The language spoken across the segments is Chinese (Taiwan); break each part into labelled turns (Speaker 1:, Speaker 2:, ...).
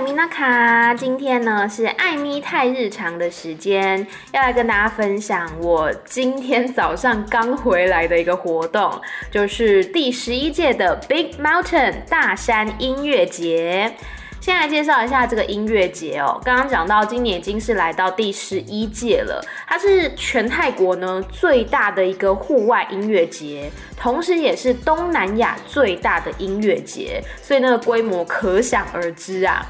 Speaker 1: 米娜卡，今天呢是艾咪泰日常的時間，要來跟大家分享我今天早上剛回來的一個活動，就是第十一屆的 Big Mountain 大山音樂節。先來介紹一下這個音樂節哦。剛剛講到，今年已經是來到第十一屆了。它是全泰國呢最大的一個戶外音樂節，同時也是東南亞最大的音樂節，所以那個規模可想而知啊。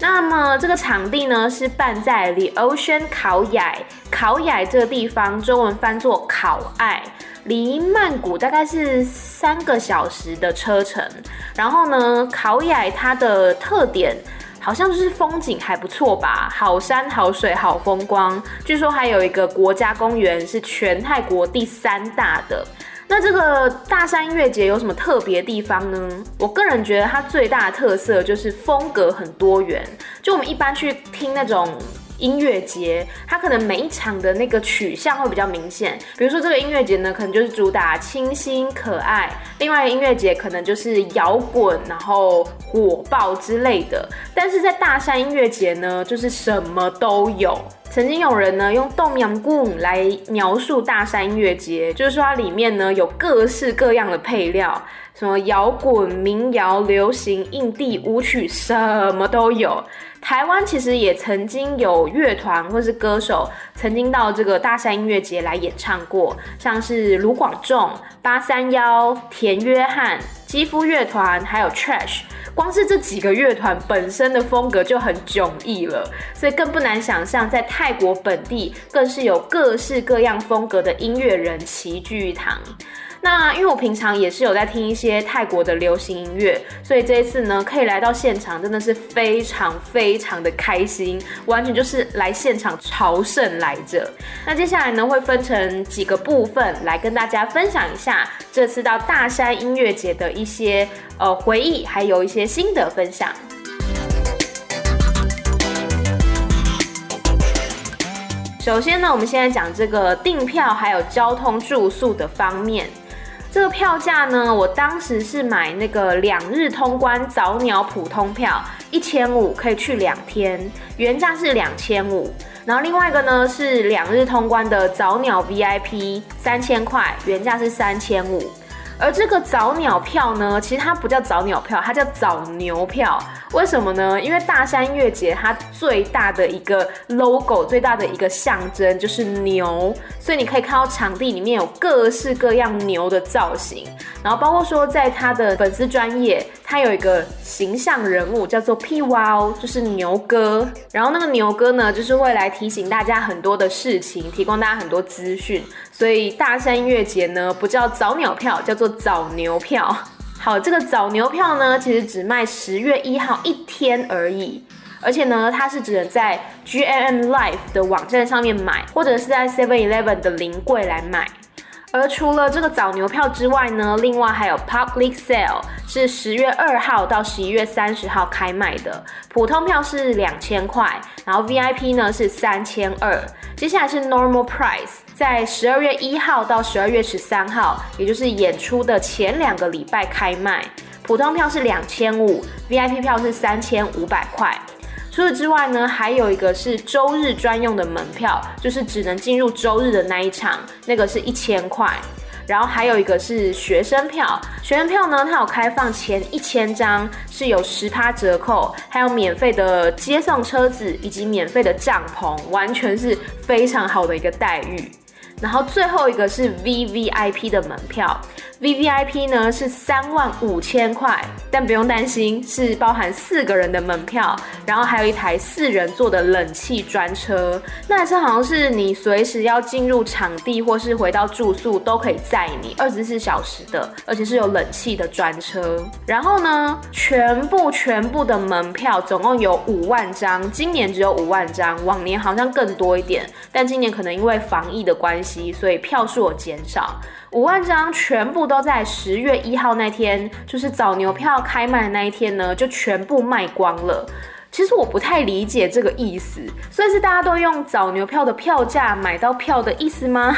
Speaker 1: 那麼這個場地呢是辦在 The Ocean 考雅考雅這個地方，中文翻作考艾離曼谷大概是三個小時的車程，然後呢，考艾它的特點好像就是風景還不錯吧，好山好水好風光，據說還有一個國家公園是全泰國第三大的。那這個大山音樂節有什麼特別地方呢？我個人覺得它最大的特色就是風格很多元，就我們一般去聽那種音樂節，它可能每一場的那個取向會比較明顯，比如說這個音樂節呢，可能就是主打清新可愛，另外音樂節可能就是搖滾，然後火爆之類的。但是在大山音樂節呢，就是什麼都有。曾經有人呢用“冬陰功”來描述大山音樂節，就是說它裡面呢有各式各樣的配料。什麼搖滾、民謠、流行、印地舞曲，什麼都有。台灣其實也曾經有樂團或是歌手，曾經到這個大山音樂節來演唱過，像是盧廣仲、八三夭、田約翰、肌膚樂團，還有 Trash。光是這幾個樂團本身的風格就很迥異了，所以更不難想象，在泰國本地更是有各式各樣風格的音樂人齊聚一堂。那因為我平常也是有在聽一些泰國的流行音樂，所以這一次呢，可以來到現場，真的是非常非常的開心，完全就是來現場朝聖來着。那接下來呢，會分成幾個部分來跟大家分享一下這次到大山音樂節的一些呃回憶，還有一些心得分享。首先呢，我們現在講這個訂票還有交通住宿的方面。這個票價呢，我當時是買那個兩日通關早鳥普通票，一千五，可以去兩天，原價是兩千五。然後另外一個呢，是兩日通關的早鳥 VIP，三千塊，原價是三千五。而這個早鳥票呢，其實它不叫早鳥票，它叫早牛票。為什麼呢？因為大山音樂節它最大的一個 logo，最大的一個象徵就是牛，所以你可以看到場地裡面有各式各樣牛的造型。然後包括說，在它的粉絲專頁，它有一個形象人物叫做 P 哇哦，就是牛哥。然後那個牛哥呢，就是會來提醒大家很多的事情，提供大家很多資訊。所以大山音樂節呢，不叫早鳥票，叫做早鳥票，好，這個早鳥票呢，其實只賣十月一號一天而已，而且呢，它是只能在 G M M Life 的網站上面買，或者是在 Seven Eleven 的臨櫃來買。而除了這個早鳥票之外呢，另外還有 Public Sale，是十月二號到十一月三十號開賣的，普通票是兩千塊，然後 V I P 呢是三千二。接下來是 Normal Price。在十二月一號到十二月十三號，也就是演出的前兩個禮拜開賣，普通票是兩千五，VIP 票是三千五百塊。除此之外呢，還有一個是周日專用的門票，就是只能進入周日的那一場，那個是一千塊。然後還有一個是學生票，學生票呢，它有開放前一千張是有十趴折扣，還有免費的接送車子以及免費的帳篷，完全是非常好的一個待遇。然後最後一個是 VVIP 的門票。VVIP 呢是三萬五千塊，但不用擔心，是包含四個人的門票，然後還有一台四人座的冷氣專車。那台車好像是你隨時要進入場地或是回到住宿都可以載你，二十四小時的，而且是有冷氣的專車。然後呢，全部全部的門票總共有五萬張，今年只有五萬張，往年好像更多一點，但今年可能因為防疫的關係，所以票數有減少。五萬張全部都在十月一號那天，就是早鳥票開賣的那一天呢，就全部賣光了。其實我不太理解這個意思，所以是大家都用早鳥票的票價買到票的意思嗎？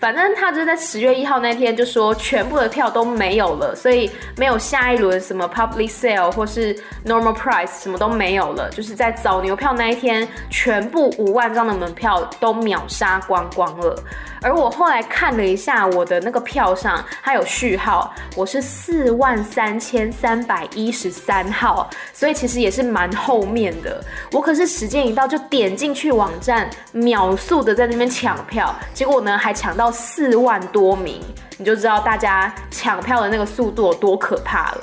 Speaker 1: 反正他就是在十月一號那天就說，全部的票都沒有了，所以沒有下一輪什麼 public sale 或是 normal price 什麼都沒有了。就是在早鳥票那一天，全部五萬張的門票都秒殺光光了。而我後來看了一下我的那個票上還有序號，我是四萬三千三百一十三號，所以其實也是蠻後面的。我可是時間一到就點進去網站，秒速的在那邊搶票，結果呢，還搶到。四萬多名，你就知道大家搶票的那個速度有多可怕了。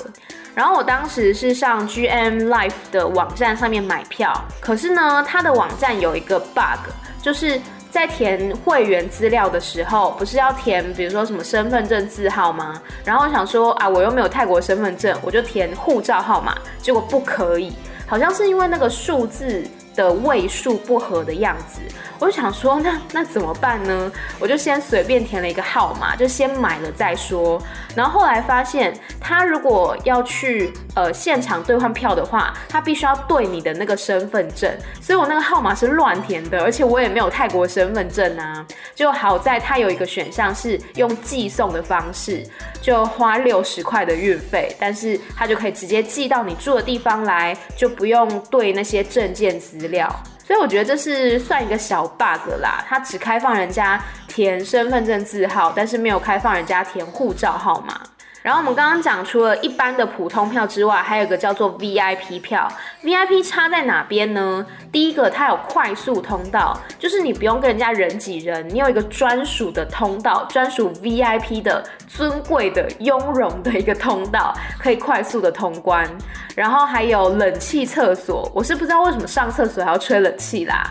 Speaker 1: 然後我當時是上 GM Life 的網站，上面買票，可是呢，它的網站有一個 bug，就是在填會員資料的時候，不是要填，比如說什麼身份證字號嗎？然後我想說啊，我又沒有泰國身份證，我就填護照號碼，結果不可以，好像是因為那個數字的位數不合的樣子，我就想說，那那怎麼辦呢？我就先隨便填了一個號碼，就先買了再說。然後後來發現，他如果要去呃現場兌換票的話，他必須要對你的那個身份證。所以我那個號碼是亂填的，而且我也沒有泰國身份證啊。就好在他有一個選項是用寄送的方式，就花六十塊的運費，但是他就可以直接寄到你住的地方來，就不用對那些證件資。料，所以我覺得這是算一個小 bug 啦。它只開放人家填身份證字號，但是沒有開放人家填護照號碼。然後我們剛剛講，除了一般的普通票之外，還有一個叫做 VIP 票。VIP 差在哪邊呢？第一個，它有快速通道，就是你不用跟人家人擠人，你有一個專屬的通道，專屬 VIP 的尊貴的雍容的一個通道，可以快速的通關。然後還有冷氣廁所，我是不知道為什麼上廁所還要吹冷氣啦。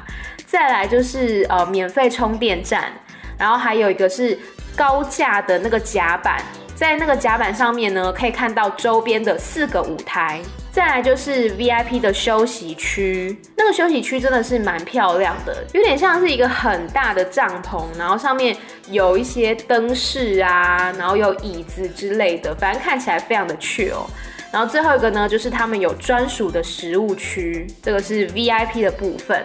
Speaker 1: 再來就是呃免費充電站，然後還有一個是高架的那個甲板。在那個甲板上面呢，可以看到周邊的四個舞台。再來就是 VIP 的休息區，那個休息區真的是蠻漂亮的，有點像是一個很大的帳篷，然後上面有一些燈飾啊，然後有椅子之類的，反正看起來非常的 chill。然後最後一個呢，就是他們有專屬的食物區，這個是 VIP 的部分。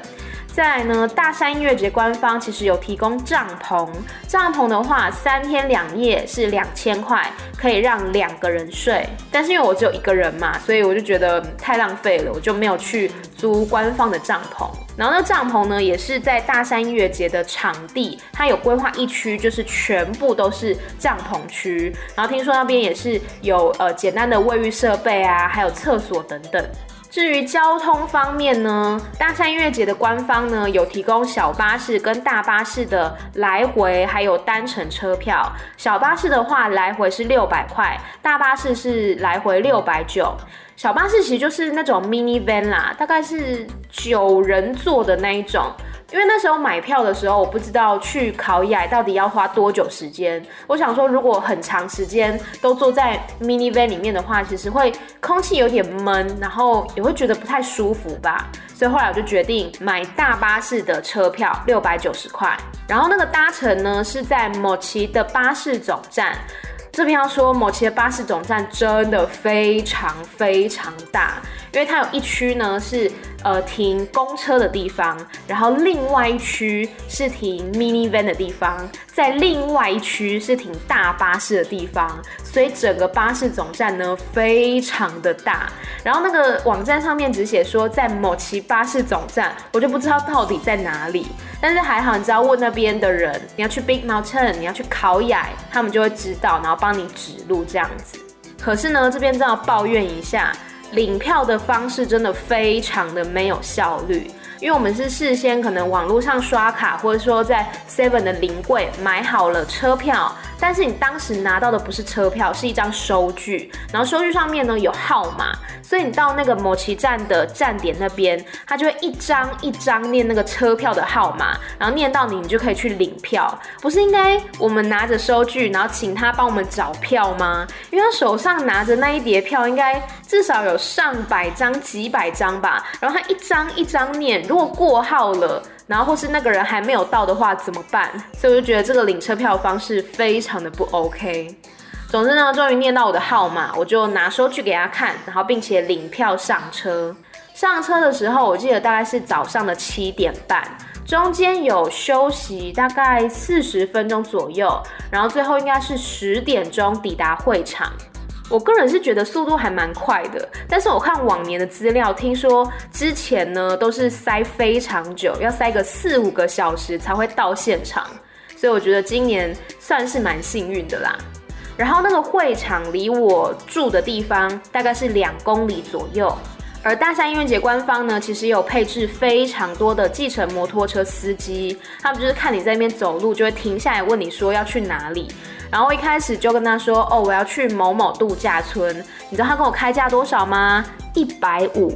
Speaker 1: 再來呢，大山音樂節官方其實有提供帳篷，帳篷的話三天兩夜是兩千塊，可以讓兩個人睡。但是因為我只有一個人嘛，所以我就覺得太浪費了，我就沒有去租官方的帳篷。然後那個帳篷呢，也是在大山音樂節的場地，它有規劃一區，就是全部都是帳篷區。然後聽說那邊也是有呃簡單的衛浴設備啊，還有廁所等等。至於交通方面呢，大山音樂節的官方呢有提供小巴士跟大巴士的來回，還有單程車票。小巴士的話，來回是六百塊，大巴士是來回六百九。小巴士其實就是那種 minivan 啦，大概是九人座的那一種。因為那時候買票的時候，我不知道去考雅到底要花多久時間。我想說，如果很長時間都坐在 minivan 裡面的話，其實會空氣有點悶，然後也會覺得不太舒服吧。所以後來我就決定買大巴士的車票，六百九十塊。然後那個搭乘呢是在摩奇的巴士總站。這邊要說，摩奇的巴士總站真的非常非常大。因為它有一區呢是呃停公車的地方，然後另外一區是停 minivan 的地方，在另外一區是停大巴士的地方，所以整個巴士總站呢非常的大。然後那個網站上面只寫說在某其巴士總站，我就不知道到底在哪裡。但是還好，你知道問那邊的人，你要去 Big Mountain，你要去考雅，他們就會知道，然後幫你指路這樣子。可是呢，這邊真要抱怨一下。領票的方式真的非常的沒有效率，因為我們是事先可能網絡上刷卡，或者說在 Seven 的臨櫃買好了車票。但是你當時拿到的不是車票，是一張收據。然後收據上面呢，有號碼，所以你到那個摩奇站的站點那邊，他就會一張一張念那個車票的號碼，然後念到你，你就可以去領票。不是應該我們拿着收據，然後請他幫我們找票嗎？因為他手上拿着那一疊票，應該至少有上百張、幾百張吧。然後他一張一張念，如果過號了。然後或是那個人還沒有到的話怎麼辦？所以我就覺得這個領車票方式非常的不 OK。總之呢，終於念到我的號碼，我就拿收據給他看，然後並且領票上車。上車的時候，我記得大概是早上的七點半，中間有休息大概四十分鐘左右，然後最後應該是十點鐘抵達會場。我個人是覺得速度還蠻快的，但是我看往年的資料，聽說之前呢都是塞非常久，要塞個四五個小時才會到現場，所以我覺得今年算是蠻幸運的啦。然後那個會場離我住的地方大概是兩公里左右，而大山音樂節官方呢其實也有配置非常多的計程摩托車司機，他們就是看你在那邊走路就會停下來問你說要去哪裡。然後一開始就跟他說，哦，我要去某某度假村，你知道他跟我開價多少嗎？一百五。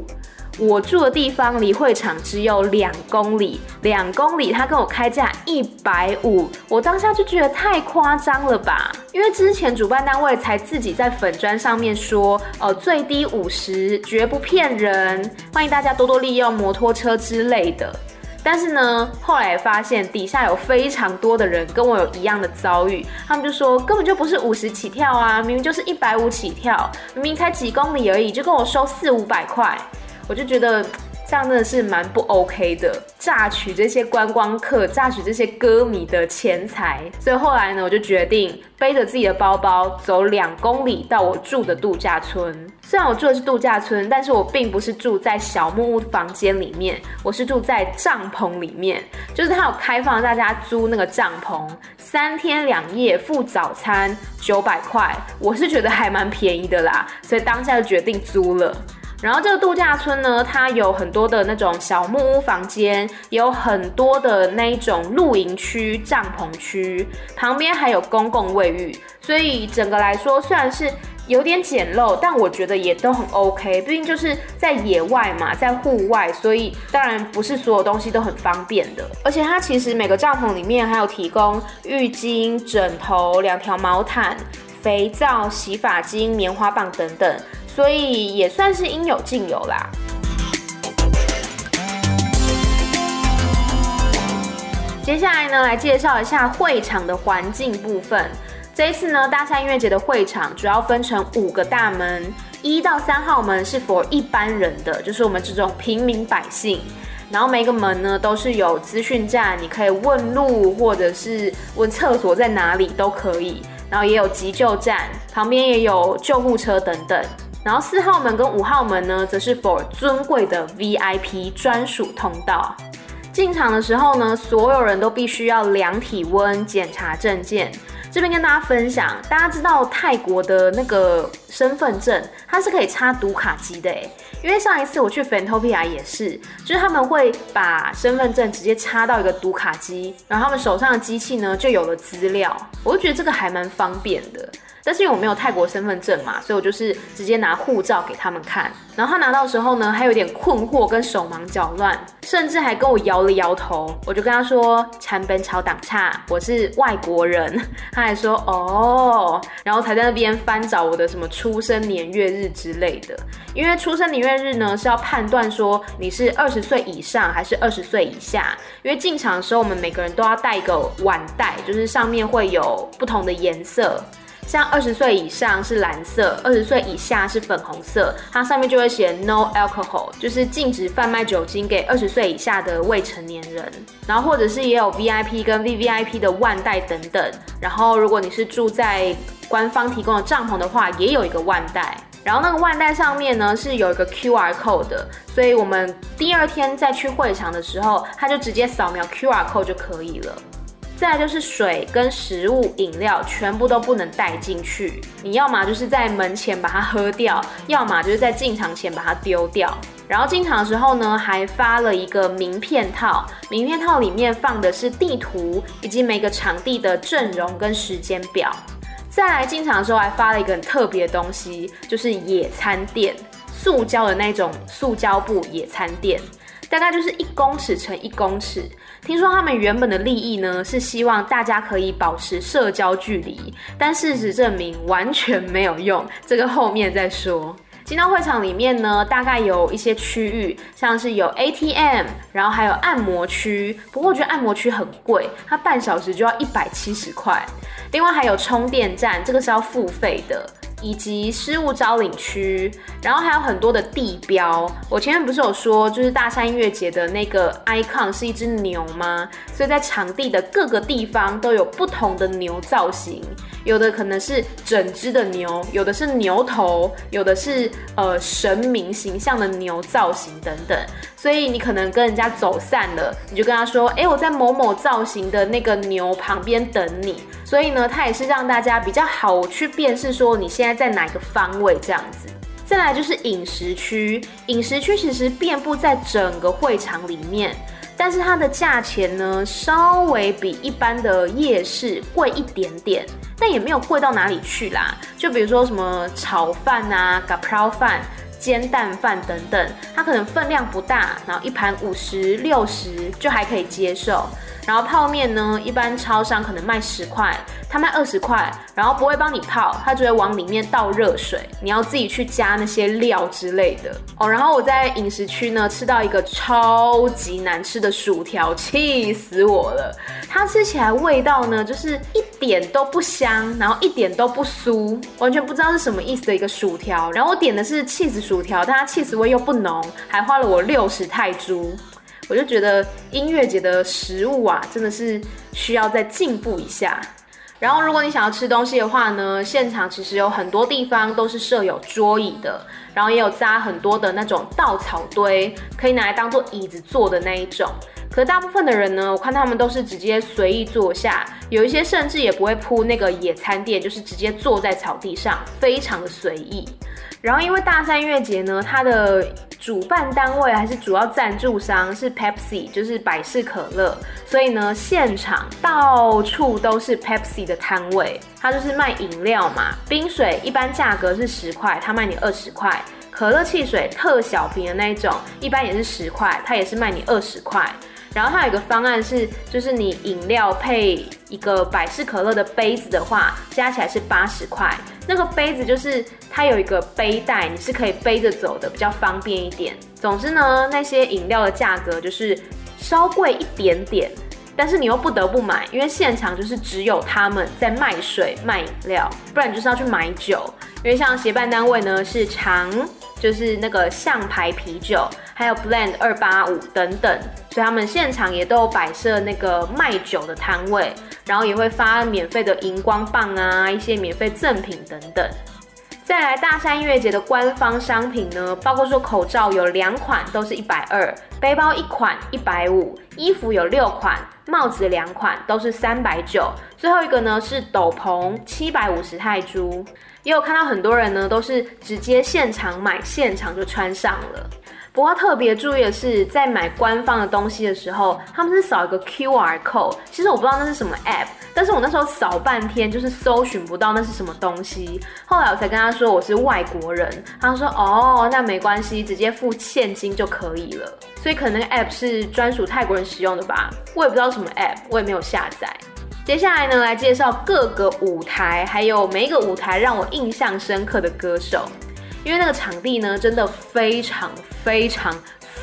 Speaker 1: 我住的地方離會場只有兩公里，兩公里他跟我開價一百五，我當下就覺得太誇張了吧？因為之前主辦單位才自己在粉專上面說，呃、哦，最低五十，絕不騙人，歡迎大家多多利用摩托車之類的。但是呢，後來發現底下有非常多的人跟我有一樣的遭遇。他們就說根本就不是五十起跳啊，明明就是一百五起跳，明明才幾公里而已，就跟我收四五百塊，我就覺得。這樣真的是蠻不 OK 的，榨取這些觀光客、榨取這些歌迷的錢財。所以後來呢，我就決定背着自己的包包走兩公里到我住的度假村。雖然我住的是度假村，但是我並不是住在小木屋房間裡面，我是住在帳篷裡面。就是他有開放大家租那個帳篷，三天兩夜付早餐九百塊，我是覺得還蠻便宜的啦，所以當下就決定租了。然後這個度假村呢，它有很多的那種小木屋房間，也有很多的那種露營區、帳篷區，旁邊還有公共衛浴。所以整個來說，雖然是有點簡陋，但我覺得也都很 OK。畢竟就是在野外嘛，在戶外，所以當然不是所有東西都很方便的。而且它其實每個帳篷裡面還有提供浴巾、枕頭、兩條毛毯、肥皂、洗髮精、棉花棒等等。所以也算是應有盡有啦。接下來呢，來介紹一下會場的環境部分。這一次呢，大山音樂節的會場主要分成五個大門，一到三號門是 for 一般人的，就是我們這種平民百姓。然後每個門呢都是有資訊站，你可以問路或者是問廁所在哪裡都可以。然後也有急救站，旁邊也有救護車等等。然後四號門跟五號門呢，則是 for 尊貴的 VIP 專屬通道。進場的時候呢，所有人都必須要量體溫、檢查證件。這邊跟大家分享，大家知道泰國的那個身份證，它是可以插讀卡機的。哎，因為上一次我去 Fantopia 也是，就是他們會把身份證直接插到一個讀卡機，然後他們手上的機器呢就有了資料。我就覺得這個還蠻方便的。但是因為我沒有泰國身份證嘛，所以我就是直接拿護照給他們看。然後他拿到的時候呢，還有點困惑跟手忙腳亂，甚至還跟我搖了搖頭。我就跟他說：“產本朝擋差，我是外國人。”他還說：“哦。”然後才在那邊翻找我的什麼出生年月日之類的。因為出生年月日呢是要判斷說你是二十歲以上還是二十歲以下。因為進場的時候，我們每個人都要帶一個腕帶，就是上面會有不同的顏色。像二十歲以上是藍色，二十歲以下是粉紅色，它上面就會寫 No Alcohol，就是禁止販賣酒精給二十歲以下的未成年人。然後或者是也有 VIP 跟 VVIP 的腕帶等等。然後如果你是住在官方提供的帳篷的話，也有一個腕帶。然後那個腕帶上面呢是有一個 QR Code 的，所以我們第二天再去會場的時候，它就直接掃描 QR Code 就可以了。再來就是水跟食物、飲料全部都不能帶進去，你要麼就是在門前把它喝掉，要麼就是在進場前把它丟掉。然後進場的時候呢，還發了一個名片套，名片套裡面放的是地圖以及每個場地的陣容跟時間表。再來進場的時候還發了一個很特別的東西，就是野餐墊，塑膠的那種塑膠布野餐墊，大概就是一公尺乘一公尺。聽說他們原本的利益呢，是希望大家可以保持社交距離，但事實證明完全沒有用。這個後面再說。進到會場裡面呢，大概有一些區域，像是有 ATM，然後還有按摩區。不過我覺得按摩區很貴，它半小時就要一百七十塊。另外還有充電站，這個是要付費的。以及失物招領區，然後還有很多的地標。我前面不是有說，就是大山音樂節的那個 icon 是一隻牛嗎？所以在場地的各個地方都有不同的牛造型，有的可能是整隻的牛，有的是牛頭，有的是，呃，神明形象的牛造型等等。所以你可能跟人家走散了，你就跟他說，誒、欸，我在某某造型的那個牛旁邊等你。所以呢，它也是讓大家比較好去辨識，說你現在在哪個方位這樣子。再來就是飲食區，飲食區其實遍布在整個會場裡面，但是它的價錢呢，稍微比一般的夜市貴一點點，但也沒有貴到哪裡去啦。就比如說什麼炒飯啊，嘎拋飯。煎蛋飯等等，它可能分量不大，然後一盤五十六十就還可以接受。然後泡麵呢，一般超商可能賣十塊，他賣二十塊，然後不會幫你泡，他就會往裡面倒熱水，你要自己去加那些料之類的。哦，然後我在飲食區呢吃到一個超級難吃的薯條，氣死我了！它吃起來味道呢就是一點都不香，然後一點都不酥，完全不知道是什麼意思的一個薯條。然後我點的是起司薯條，但它起司味又不濃，還花了我六十泰銖。我就覺得音樂節的食物啊，真的是需要再進步一下。然後，如果你想要吃東西的話呢，現場其實有很多地方都是設有桌椅的，然後也有紮很多的那種稻草堆，可以拿來當做椅子坐的那一種。可是大部分的人呢，我看他們都是直接隨意坐下，有一些甚至也不會鋪那個野餐墊，就是直接坐在草地上，非常的隨意。然後，因為大山音樂節呢，它的主辦單位還是主要贊助商是 Pepsi，就是百事可樂，所以呢，現場到處都是 Pepsi 的攤位，它就是賣飲料嘛，冰水一般價格是十塊，它賣你二十塊；可樂汽水特小瓶的那一種，一般也是十塊，它也是賣你二十塊。然後它有一個方案是，就是你飲料配一個百事可樂的杯子的話，加起來是八十塊。那個杯子就是它有一個背帶，你是可以背着走的，比較方便一點。總之呢，那些飲料的價格就是稍貴一點點，但是你又不得不買，因為現場就是只有他們在賣水賣飲料，不然你就是要去買酒。因為像協辦單位呢是長，就是那個象牌啤酒。還有 Blend 二八五等等，所以他們現場也都有擺設那個賣酒的攤位，然後也會發免費的熒光棒啊，一些免費贈品等等。再來大山音樂節的官方商品呢，包括說口罩有兩款都是一百二，背包一款一百五，衣服有六款，帽子兩款都是三百九，最後一個呢是斗篷七百五十泰銖。也有看到很多人呢都是直接現場買，現場就穿上了。不過特別注意的是，在買官方的東西的時候，他們是掃一個 QR code。其實我不知道那是什麼 app，但是我那時候掃半天就是搜尋不到那是什麼東西。後來我才跟他說我是外國人，他說哦，那沒關係，直接付現金就可以了。所以可能那個 app 是專屬泰國人使用的吧，我也不知道什麼 app，我也沒有下載。接下來呢，來介紹各個舞台，還有每一個舞台讓我印象深刻的歌手。因為那個場地呢，真的非常非常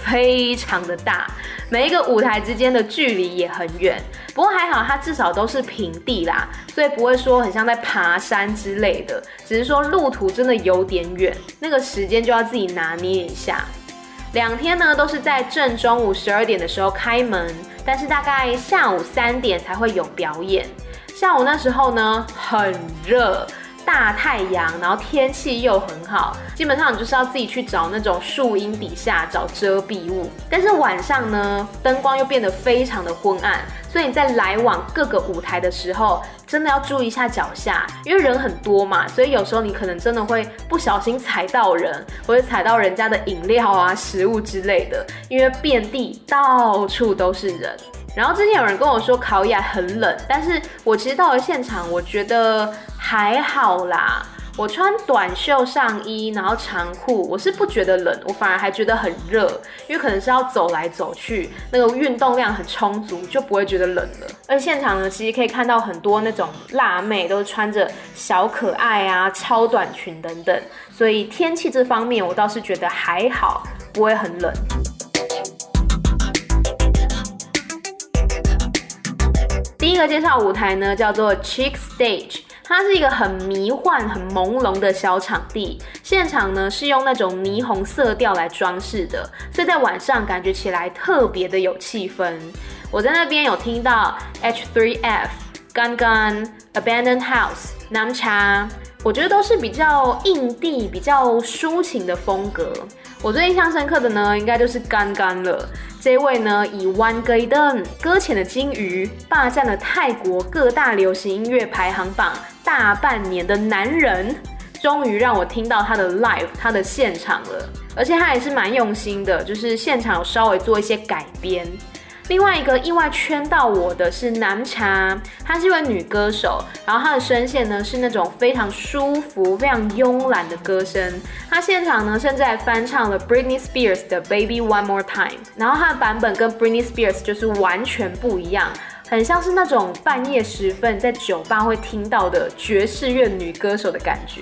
Speaker 1: 非常的大，每一個舞台之間的距離也很遠。不過還好，它至少都是平地啦，所以不會說很像在爬山之類的。只是說路途真的有點遠，那個時間就要自己拿捏一下。兩天呢都是在正中午十二點的時候開門，但是大概下午三點才會有表演。下午那時候呢很熱。大太陽，然後天氣又很好，基本上你就是要自己去找那種樹蔭底下找遮蔽物。但是晚上呢，燈光又變得非常的昏暗，所以你在來往各個舞台的時候，真的要注意一下腳下，因為人很多嘛，所以有時候你可能真的會不小心踩到人，或者踩到人家的飲料啊、食物之類的，因為遍地到處都是人。然後之前有人跟我說考艾很冷，但是我其實到了現場，我覺得還好啦。我穿短袖上衣，然後長褲，我是不覺得冷，我反而還覺得很熱，因為可能是要走來走去，那個運動量很充足，就不會覺得冷了。而現場呢，其實可以看到很多那種辣妹都穿着小可愛啊、超短裙等等，所以天氣這方面我倒是覺得還好，不會很冷。第一個介紹舞台呢，叫做 Chick Stage，它是一個很迷幻、很朦朧的小場地。現場呢，是用那種霓虹色調來裝飾的，所以在晚上感覺起來特別的有氣氛。我在那邊有聽到 H3F、Gang Gang、Abandoned House、南茶，我覺得都是比較印地、比較抒情的風格。我最印象深刻的呢，應該就是剛剛了。這位呢，以 One Golden，擱淺的鯨魚霸佔了泰國各大流行音樂排行榜大半年的男人，終於讓我聽到他的 live，他的現場了。而且他也是蠻用心的，就是現場有稍微做一些改編。另外一個意外圈到我的是南茶，她是一位女歌手，然後她的聲線呢是那種非常舒服、非常慵懶的歌聲。她現場呢甚至還翻唱了 Britney Spears 的 Baby One More Time，然後她的版本跟 Britney Spears 就是完全不一樣，很像是那種半夜時分在酒吧會聽到的爵士樂女歌手的感覺。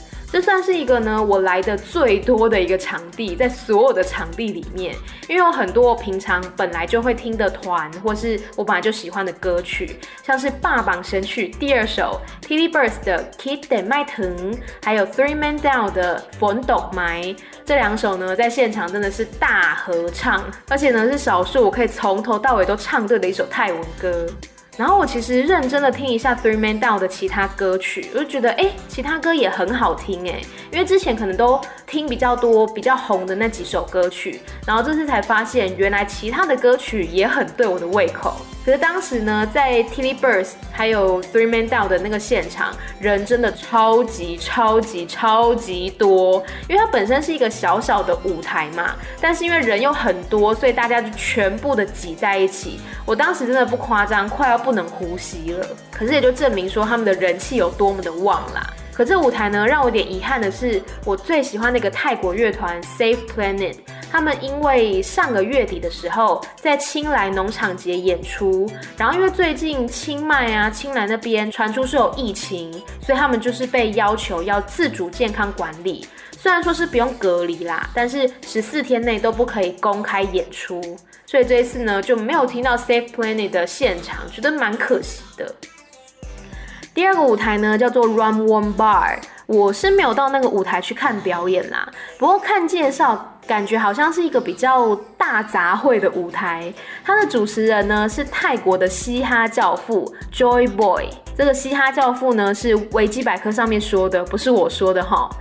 Speaker 1: 這算是一個呢，我來的最多的一個場地，在所有的場地裡面，因為有很多平常本來就會聽的團，或是我本來就喜歡的歌曲，像是《霸榜神曲》第二首《TV Burst》的《Kittet Mai Teng》還有《Three Men Down》的《馮斗埋》，這兩首呢，在現場真的是大合唱，而且呢，是少數我可以從頭到尾都唱對的一首泰文歌。然後我其實認真的聽一下 Three Man Down 的其他歌曲，我就覺得誒，其他歌也很好聽誒，因為之前可能都聽比較多比較紅的那幾首歌曲，然後這次才發現原來其他的歌曲也很對我的胃口。可是當時呢，在《Tilly Birth》還有《Three Men Down》的那個現場，人真的超級超級超級多，因為它本身是一個小小的舞台嘛，但是因為人又很多，所以大家就全部的擠在一起。我當時真的不誇張，快要不能呼吸了。可是也就證明說他們的人氣有多麼的旺啦。可這舞台呢，讓我有點遺憾的是，我最喜歡那個泰國樂團《Safe Planet》。他們因為上個月底的時候在清萊農場節演出，然後因為最近清邁啊、清萊那邊傳出是有疫情，所以他們就是被要求要自主健康管理。雖然說是不用隔離啦，但是十四天內都不可以公開演出。所以這一次呢，就沒有聽到 Safe Planet 的現場，覺得蠻可惜的。第二個舞台呢叫做 Run One Bar，我是沒有到那個舞台去看表演啦，不過看介紹。感覺好像是一個比較大雜燴的舞台，它的主持人呢是泰國的嘻哈教父 Joy Boy。這個嘻哈教父呢是維基百科上面說的，不是我說的哈、哦。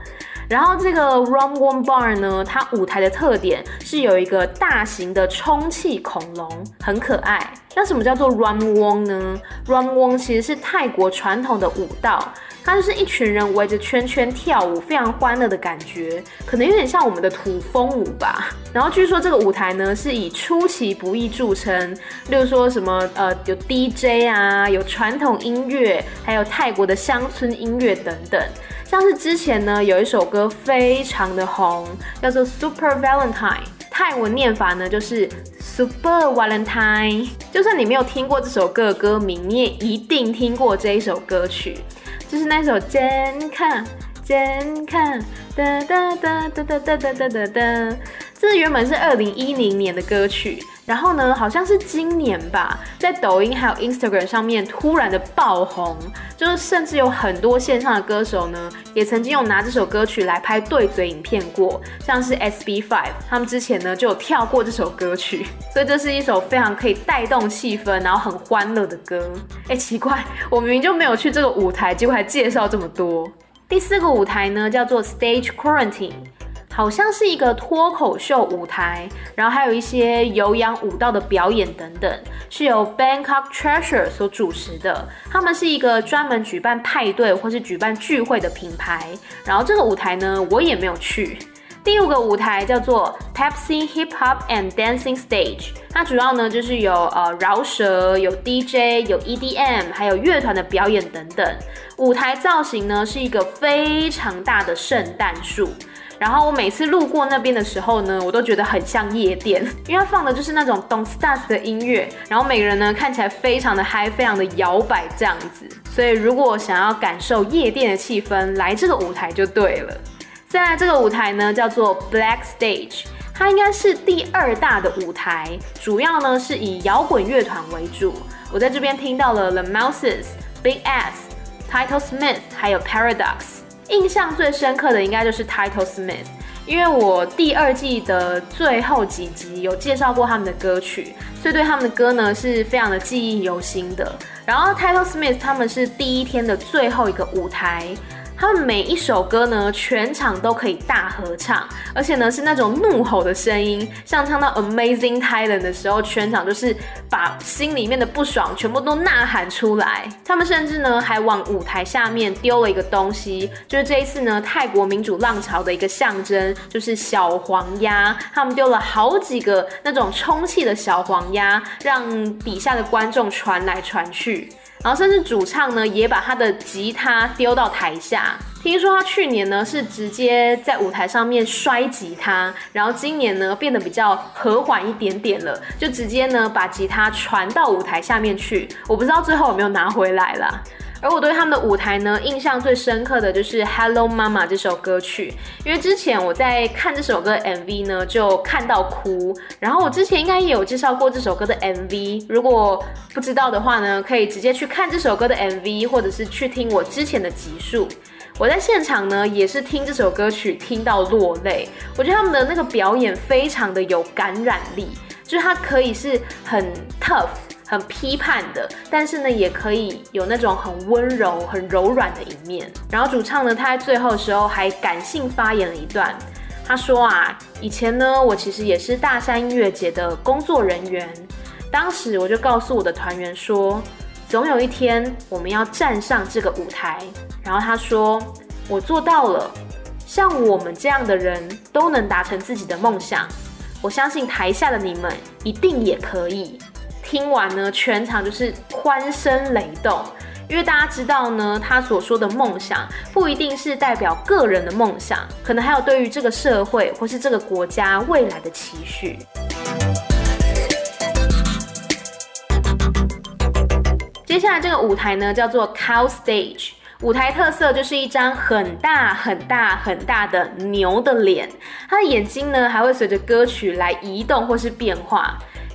Speaker 1: 然後這個 Rum Wong Bar 呢，它舞台的特點是有一個大型的充氣恐龍，很可愛。那什麼叫做 Rum Wong 呢？Rum Wong 其實是泰國傳統的舞蹈。它就是一群人圍着圈圈跳舞，非常歡樂的感覺，可能有點像我們的土風舞吧。然後據說這個舞台呢是以出其不意著稱，例如說什麼呃有 DJ 啊，有傳統音樂，還有泰國的鄉村音樂等等。像是之前呢有一首歌非常的紅，叫做 Super Valentine。泰文念法呢，就是 Super Valentine。就算你沒有聽過這首歌的歌名，你也一定聽過這一首歌曲，就是那首真看真看噠噠噠噠噠噠噠噠噠。這原本是二零一零年的歌曲。然後呢，好像是今年吧，在抖音還有 Instagram 上面突然的爆紅，就是甚至有很多線上的歌手呢，也曾經有拿這首歌曲來拍對嘴影片過，像是 SB Five，他們之前呢就有跳過這首歌曲，所以這是一首非常可以帶動氣氛，然後很歡樂的歌。欸，奇怪，我明明就沒有去這個舞台，結果還介紹這麼多。第四個舞台呢，叫做 Stage Quarantine。好像是一個脫口秀舞台，然後還有一些有氧舞蹈的表演等等，是由 Bangkok Treasure 所主持的。他們是一個專門舉辦派對或是舉辦聚會的品牌。然後這個舞台呢，我也沒有去。第五個舞台叫做 Pepsi Hip Hop and Dancing Stage，它主要呢就是有呃饒舌、有 DJ、有 EDM，還有樂團的表演等等。舞台造型呢是一個非常大的聖誕樹。然後我每次路過那邊的時候呢，我都覺得很像夜店，因為它放的就是那種 Don't Start 的音樂。然後每個人呢看起來非常的嗨，非常的搖擺這樣子。所以如果想要感受夜店的氣氛，來這個舞台就對了。再來這個舞台呢叫做 Black Stage，它應該是第二大的舞台，主要呢是以搖滾樂團為主。我在這邊聽到了 The Mouses、Big Ass、Title Smith，還有 Paradox。印象最深刻的應該就是 Title Smith，因為我第二季的最後幾集有介紹過他們的歌曲，所以對他們的歌呢是非常的記憶猶新的。然後 Title Smith 他們是第一天的最後一個舞台。他們每一首歌呢，全場都可以大合唱，而且呢是那種怒吼的聲音，像唱到 Amazing Thailand 的時候，全場就是把心裡面的不爽全部都吶喊出來。他們甚至呢還往舞台下面丟了一個東西，就是這一次呢泰國民主浪潮的一個象徵，就是小黃鴨。他們丟了好幾個那種充氣的小黃鴨，讓底下的觀眾傳來傳去。然後甚至主唱呢，也把他的吉他丟到台下。聽說他去年呢是直接在舞台上面摔吉他，然後今年呢變得比較和緩一點點了，就直接呢把吉他傳到舞台下面去。我不知道最後有沒有拿回來啦。而我對他們的舞台呢，印象最深刻的就是《Hello Mama》這首歌曲，因為之前我在看這首歌的 MV 呢，就看到哭。然後我之前應該也有介紹過這首歌的 MV，如果不知道的話呢，可以直接去看這首歌的 MV，或者是去聽我之前的集數。我在現場呢，也是聽這首歌曲聽到落淚。我覺得他們的那個表演非常的有感染力，就是它可以是很 tough。很批判的，但是呢，也可以有那種很溫柔、很柔軟的一面。然後主唱呢，他在最後的時候還感性發言了一段，他說啊，以前呢，我其實也是大山音樂節的工作人員，當時我就告訴我的團員說，總有一天我們要站上這個舞台。然後他說，我做到了，像我們這樣的人都能達成自己的夢想，我相信台下的你們一定也可以。聽完呢，全場就是歡聲雷動，因為大家知道呢，他所說的夢想不一定是代表個人的夢想，可能還有對於這個社會或是這個國家未來的期許。 接下來這個舞台呢，叫做 Cow Stage，舞台特色就是一張很大很大很大的牛的臉，他的眼睛呢還會隨着歌曲來移動或是變化。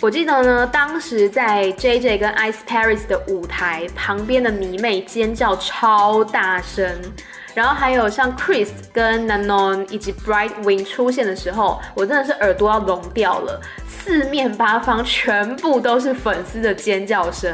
Speaker 1: 我記得呢，當時在 JJ 跟 Ice Paris 的舞台旁邊的迷妹尖叫超大聲，然後還有像 Chris 跟 Nanon 以及 Bright Wing 出現的時候，我真的是耳朵要聾掉了，四面八方全部都是粉絲的尖叫聲。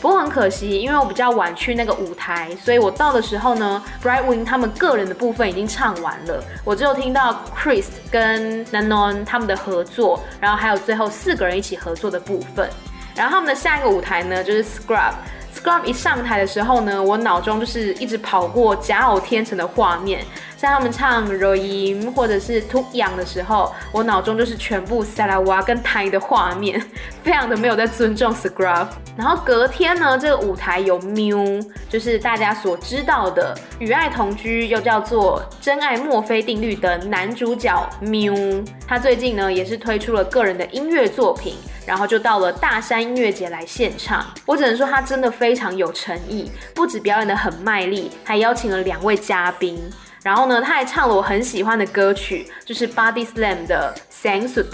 Speaker 1: 不過很可惜，因為我比較晚去那個舞台，所以我到的時候呢，Brightwing 他們個人的部分已經唱完了，我只有聽到 Chris 跟 Nanon 他們的合作，然後還有最後四個人一起合作的部分。然後他們的下一個舞台呢，就是 Scrub。Scrub 一上台的時候呢，我腦中就是一直跑過假偶天成的畫面。在他們唱 Roy 或者是 To Yang 的時候，我腦中就是全部塞拉娃跟 Thai 的畫面，非常的沒有在尊重 Scrubb。然後隔天呢，這個舞台有 Mew 就是大家所知道的《與愛同居》，又叫做《真愛墨菲定律》的男主角 Mew，他最近呢也是推出了個人的音樂作品，然後就到了大山音樂節來獻唱。我只能說他真的非常有誠意，不止表演的很賣力，還邀請了兩位嘉賓。然後呢，他還唱了我很喜歡的歌曲，就是 Body Slam 的《Sang Suit》。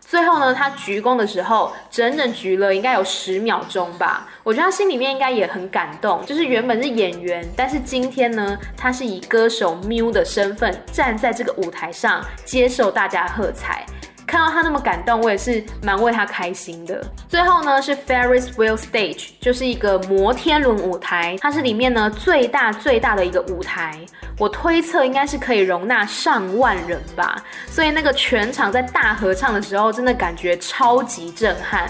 Speaker 1: 最後呢，他鞠躬的時候，整整鞠了應該有十秒鐘吧。我覺得他心裡面應該也很感動。就是原本是演員，但是今天呢，他是以歌手 Mew 的身份站在這個舞台上，接受大家喝彩。看到他那麼感動，我也是蠻為他開心的。最後呢是 Ferris Wheel Stage，就是一個摩天輪舞台，它是裡面呢最大最大的一個舞台。我推測應該是可以容納上萬人吧，所以那個全場在大合唱的時候，真的感覺超級震撼。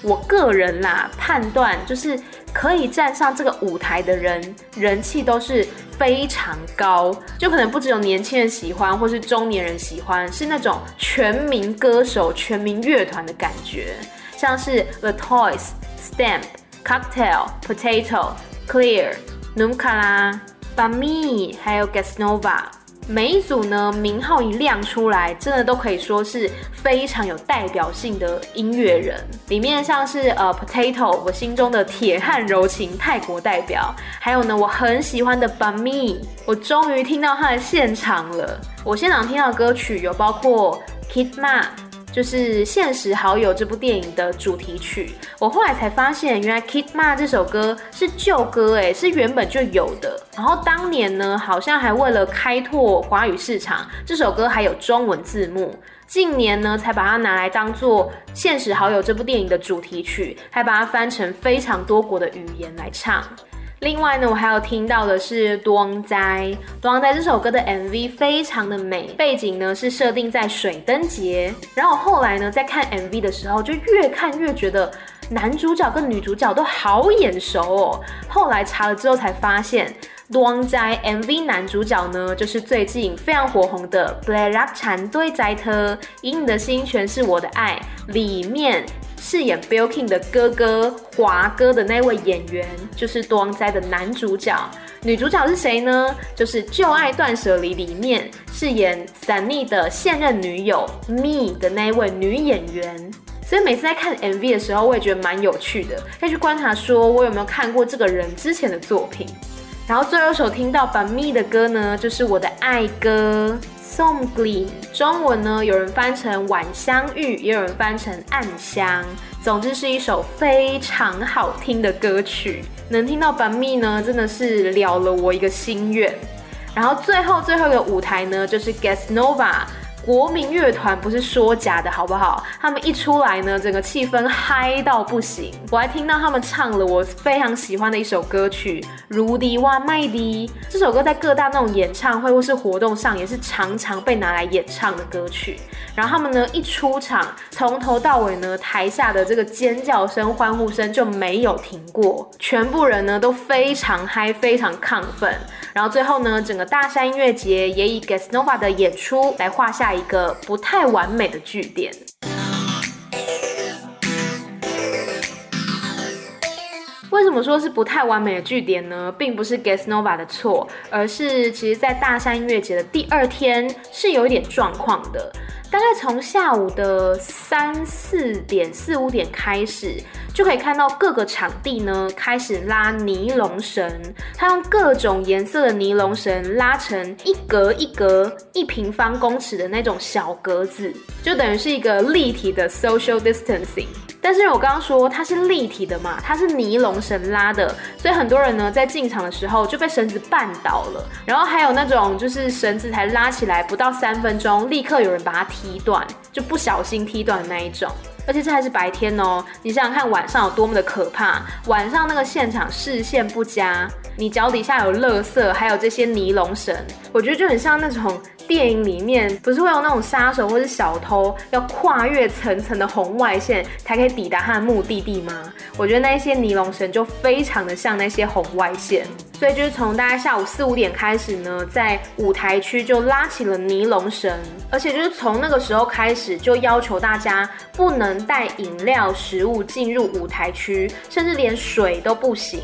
Speaker 1: 我個人啦、啊、判斷就是。可以站上這個舞台的人，人氣都是非常高，就可能不只有年輕人喜歡，或是中年人喜歡，是那種全民歌手、全民樂團的感覺，像是 The Toys、Stamp、Cocktail、Potato、Clear、Nuncala、Bami，還有 Gasnova。每一組呢，名號一亮出來，真的都可以說是非常有代表性的音樂人。裡面像是呃 Potato，我心中的鐵漢柔情泰國代表；還有呢，我很喜歡的 Bami，我終於聽到他的現場了。我現場聽到的歌曲有包括 Kidma 就是《現實好友》這部電影的主題曲，我後來才發現，原來《KIDMA》這首歌是舊歌誒，誒是原本就有的。然後當年呢，好像還為了開拓華語市場，這首歌還有中文字幕。近年呢，才把它拿來當做《現實好友》這部電影的主題曲，還把它翻成非常多國的語言來唱。另外呢，我還有聽到的是《多王齋》。《多王齋》這首歌的 MV 非常的美，背景呢是設定在水燈節。然後後來呢，在看 MV 的時候，就越看越覺得男主角跟女主角都好眼熟哦。後來查了之後才發現，《多王齋》MV 男主角呢，就是最近非常火紅的 b l a 布萊拉產隊在特，《以你的心詮釋我的愛》裡面。飾演 Billkin 的哥哥華哥的那位演員，就是《多王仔》的男主角。女主角是誰呢？就是《舊愛斷舍離》裡面飾演散逆的現任女友 Me 的那位女演員。所以每次在看 MV 的時候，我也覺得蠻有趣的，再去觀察說我有沒有看過這個人之前的作品。然後最後一首聽到《By Me》的歌呢，就是我的愛歌。《Son Klin》中文呢，有人翻成《晚香玉》，也有人翻成《暗香》。總之是一首非常好聽的歌曲。能聽到《Bamm》呢，真的是了了我一個心願。然後最後最後一個舞台呢，就是 Gasnova 國民樂團不是說假的，好不好？他們一出來呢，整個氣氛嗨到不行。我還聽到他們唱了我非常喜歡的一首歌曲《如迪哇麥迪》。這首歌在各大那種演唱會或是活動上也是常常被拿來演唱的歌曲。然後他們呢一出場，從頭到尾呢，台下的這個尖叫聲、歡呼聲就沒有停過，全部人呢都非常嗨、非常亢奮。然後最後呢，整個大山音樂節也以《Gasnova》的演出來畫下一個不太完美的句點。為什麼說是不太完美的句點呢？並不是 Gasnova 的錯，而是其實，在大山音樂節的第二天是有一點狀況的。大概從下午的三四點四五點開始，就可以看到各個場地呢開始拉尼龍繩，它用各種顏色的尼龍繩拉成一格一格一平方公尺的那種小格子，就等於是一個立體的 social distancing。但是我剛剛說它是立體的嘛，它是尼龍繩拉的，所以很多人呢在進場的時候就被繩子絆倒了，然後還有那種就是繩子才拉起來不到三分鐘，立刻有人把它提。踢斷，就不小心踢斷的那一種，而且這還是白天哦。你想想看，晚上有多麼的可怕！晚上那個現場視線不佳，你腳底下有垃圾，還有這些尼龍繩，我覺得就很像那種。電影裡面不是會有那種殺手或是小偷要跨越層層的紅外線才可以抵達他的目的地嗎？我覺得那些尼龍繩就非常的像那些紅外線，所以就是從大概下午四五點開始呢，在舞台區就拉起了尼龍繩，而且就是從那個時候開始就要求大家不能帶飲料、食物進入舞台區，甚至連水都不行。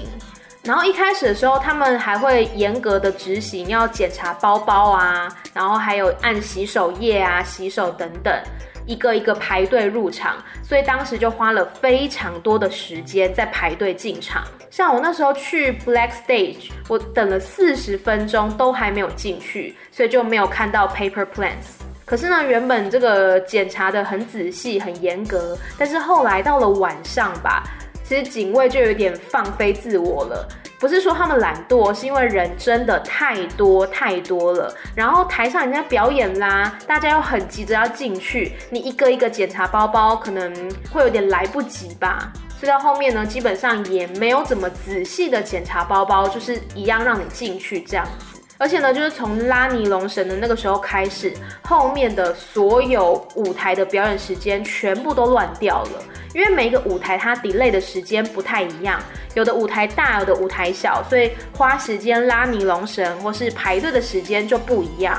Speaker 1: 然後一開始的時候，他們還會嚴格的執行，要檢查包包啊，然後還有按洗手液啊、洗手等等，一個一個排隊入場，所以當時就花了非常多的時間在排隊進場。像我那時候去 Black Stage，我等了四十分鐘都還沒有進去，所以就沒有看到 Paper Planes。可是呢，原本這個檢查得很仔細、很嚴格，但是後來到了晚上吧。其實警衛就有點放飛自我了，不是說他們懶惰，是因為人真的太多太多了。然後台上人家表演啦，大家又很急着要進去，你一個一個檢查包包，可能會有點來不及吧。所以到後面呢，基本上也沒有怎麼仔細的檢查包包，就是一樣讓你進去這樣子。而且呢，就是從拉尼龍繩的那個時候開始，後面的所有舞台的表演時間全部都亂掉了，因為每一個舞台它 delay 的時間不太一樣，有的舞台大，有的舞台小，所以花時間拉尼龍繩或是排隊的時間就不一樣。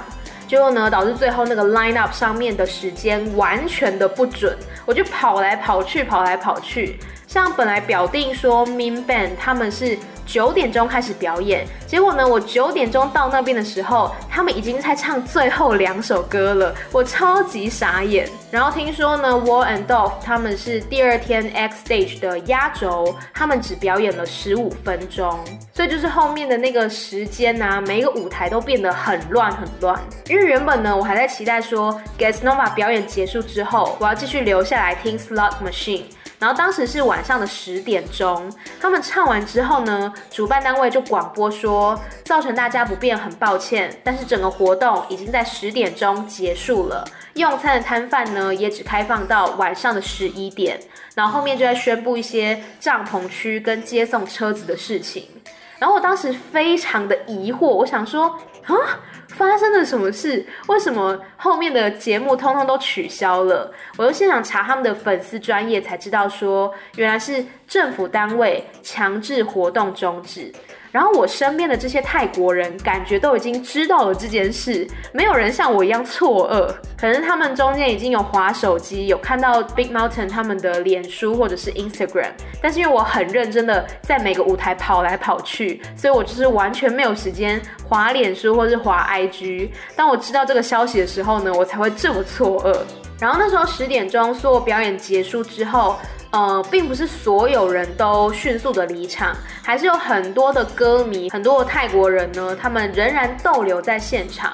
Speaker 1: 結果呢，導致最後那個 line up 上面的時間完全的不準，我就跑來跑去，跑來跑去。像本來表定說 Mean Band 他們是九點鐘開始表演，結果呢，我九點鐘到那邊的時候，他們已經在唱最後兩首歌了，我超級傻眼。然後聽說呢，Wall and Dolph 他們是第二天 X Stage 的壓軸，他們只表演了十五分鐘，所以就是後面的那個時間吶、啊，每一個舞台都變得很亂很亂。因為原本呢，我還在期待說，Getsunova 表演結束之後，我要繼續留下來聽 Slot Machine。然後當時是晚上的十點鐘，他們唱完之後呢，主辦單位就廣播說，造成大家不便很抱歉，但是整個活動已經在十點鐘結束了，用餐的攤販呢也只開放到晚上的十一點，然後後面就在宣布一些帳篷區跟接送車子的事情，然後我當時非常的疑惑，我想說，啊？發生了什麼事？為什麼後面的節目通通都取消了？我又現場查他們的粉絲專頁才知道，說原來是政府單位強制活動終止。然後我身邊的這些泰國人，感覺都已經知道了這件事，沒有人像我一樣錯愕。可能他們中間已經有滑手機，有看到 Big Mountain 他們的臉書或者是 Instagram。但是因為我很認真的在每個舞台跑來跑去，所以我就是完全沒有時間滑臉書或者是滑 IG。當我知道這個消息的時候呢，我才會這麼錯愕。然後那時候十點鐘，所有表演結束之後。呃，並不是所有人都迅速的離場，還是有很多的歌迷，很多的泰國人呢，他們仍然逗留在現場，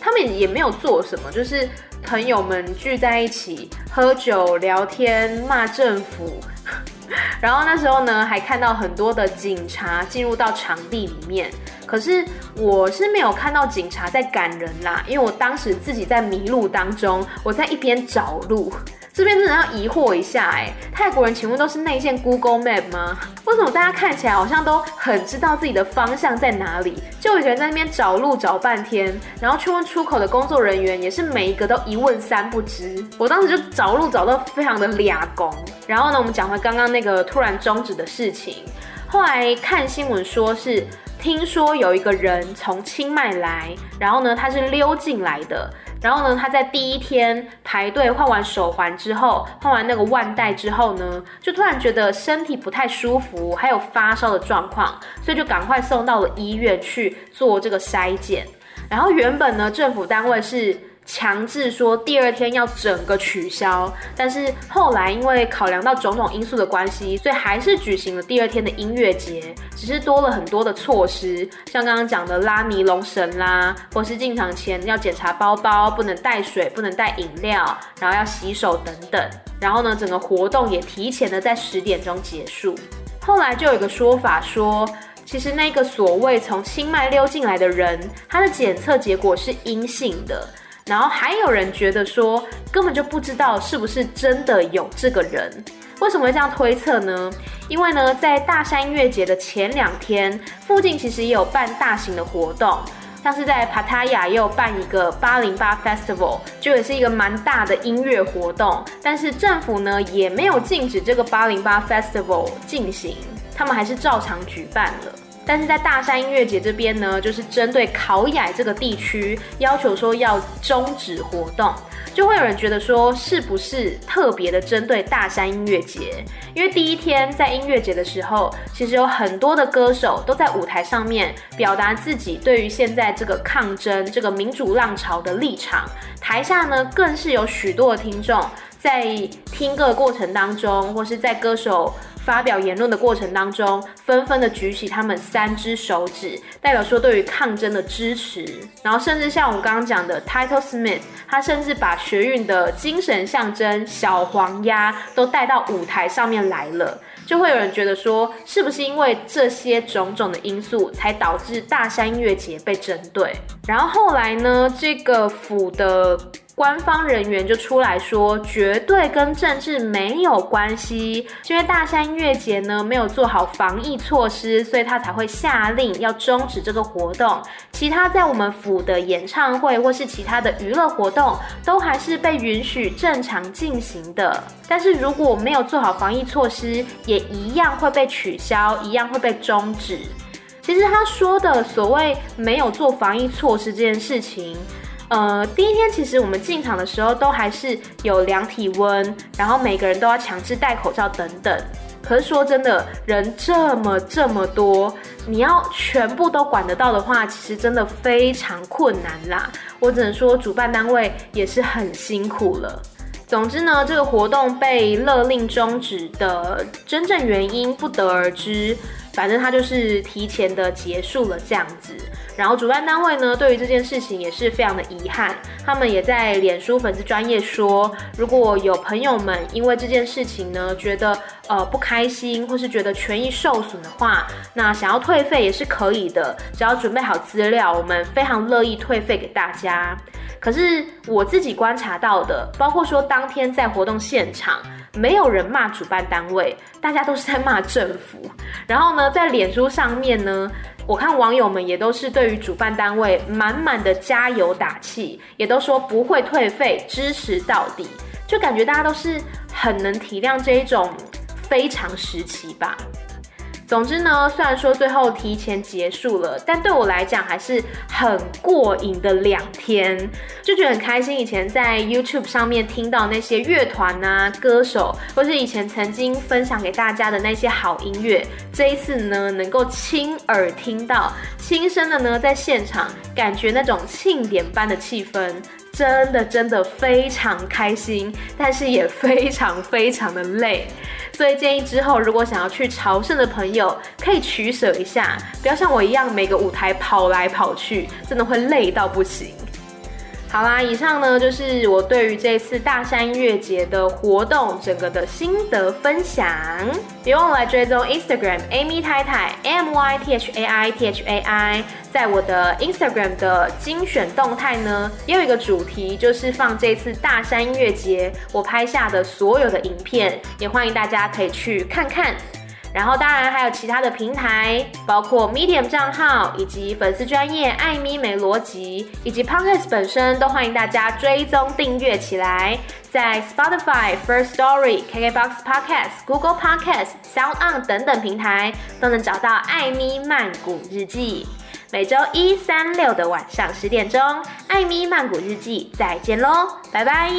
Speaker 1: 他們也沒有做什麼，就是朋友們聚在一起喝酒、聊天、罵政府。 然後那時候呢，還看到很多的警察進入到場地裡面，可是我是沒有看到警察在趕人啦，因為我當時自己在迷路當中，我在一邊找路。這邊真的要疑惑一下哎、欸，泰國人請問都是內建 Google Map 嗎？為什麼大家看起來好像都很知道自己的方向在哪裡？就一個人在那邊找路找半天，然後去問出口的工作人員，也是每一個都一問三不知。我當時就找路找到非常的倆工。然後呢，我們講回剛剛那個突然終止的事情，後來看新聞說是聽說有一個人從清邁來，然後呢，他是溜進來的。然後呢，他在第一天排隊換完手環之後，換完那個腕帶之後呢，就突然覺得身體不太舒服，還有發燒的狀況，所以就趕快送到了醫院去做這個篩檢。然後原本呢，政府單位是。強制說第二天要整個取消，但是後來因為考量到種種因素的關係，所以還是舉行了第二天的音樂節，只是多了很多的措施，像剛剛講的拉尼龍繩啦，或是進場前要檢查包包，不能帶水，不能帶飲料，然後要洗手等等。然後呢，整個活動也提前的在十點鐘結束。後來就有一個說法說，其實那個所謂從清邁溜進來的人，他的檢測結果是陰性的。然後還有人覺得說，根本就不知道是不是真的有這個人，為什麼會這樣推測呢？因為呢，在大山音樂節的前兩天，附近其實也有辦大型的活動，像是在 Pattaya 也有辦一個八零八 Festival，就也是一個蠻大的音樂活動，但是政府呢也沒有禁止這個八零八 Festival 進行，他們還是照常舉辦了。但是在大山音樂節這邊呢，就是針對考雅這個地區，要求說要終止活動，就會有人覺得說是不是特別的針對大山音樂節？因為第一天在音樂節的時候，其實有很多的歌手都在舞台上面表達自己對於現在這個抗爭、這個民主浪潮的立場，台下呢更是有許多的聽眾在聽歌過程當中，或是在歌手，發表言論的過程當中，紛紛的舉起他們三隻手指，代表說對於抗爭的支持。然後甚至像我們剛剛講的，Title Smith，他甚至把學運的精神象徵小黃鴨都帶到舞台上面來了。就會有人覺得說，是不是因為這些種種的因素，才導致大山音樂節被針對？然後後來呢，這個府的。官方人員就出來說，絕對跟政治沒有關係，因為大山音樂節呢，沒有做好防疫措施，所以他才會下令要終止這個活動。其他在我們府的演唱會或是其他的娛樂活動，都還是被允許正常進行的。但是如果沒有做好防疫措施，也一樣會被取消，一樣會被終止。其實他說的所謂沒有做防疫措施這件事情，呃，第一天其實我們進場的時候都還是有量體溫，然後每個人都要強制戴口罩等等。可是說真的，人這麼這麼多，你要全部都管得到的話，其實真的非常困難啦。我只能說，主辦單位也是很辛苦了。總之呢，這個活動被勒令終止的真正原因不得而知，反正它就是提前的結束了這樣子。然後主辦單位呢，對於這件事情也是非常的遺憾。他們也在臉書粉絲專頁說，如果有朋友們因為這件事情呢，覺得呃不開心或是覺得權益受損的話，那想要退費也是可以的，只要準備好資料，我們非常樂意退費給大家。可是我自己觀察到的，包括說當天在活動現場，沒有人罵主辦單位，大家都是在罵政府。然後呢，在臉書上面呢，我看網友們也都是對於主辦單位滿滿的加油打氣，也都說不會退費，支持到底，就感覺大家都是很能體諒這一種非常時期吧。總之呢，雖然說最後提前結束了，但對我來講還是很過癮的兩天，就覺得很開心。以前在 YouTube 上面聽到那些樂團啊、歌手，或是以前曾經分享給大家的那些好音樂，這一次呢，能夠親耳聽到、親身的呢，在現場感覺那種慶典般的氣氛。真的真的非常開心，但是也非常非常的累，所以建議之後如果想要去朝聖的朋友，可以取捨一下，不要像我一樣每個舞台跑來跑去，真的會累到不行。好啦，以上呢就是我對於這次大山音樂節的活動整個的心得分享。別忘了來追蹤 Instagram Amy 太太 M Y T H A I T H A I，在我的 Instagram 的精選動態呢，也有一個主題，就是放這次大山音樂節我拍下的所有的影片，也歡迎大家可以去看看。然後當然還有其他的平台，包括 Medium 賬號以及粉絲專頁艾咪沒邏輯，以及 Podcast 本身都歡迎大家追蹤訂閱起來，在 Spotify、First Story、KKBox Podcast、Google Podcast、Sound On 等等平台都能找到艾咪曼谷日記。每周一、三、六的晚上十點鐘，艾咪曼谷日記，再見嘍，拜拜。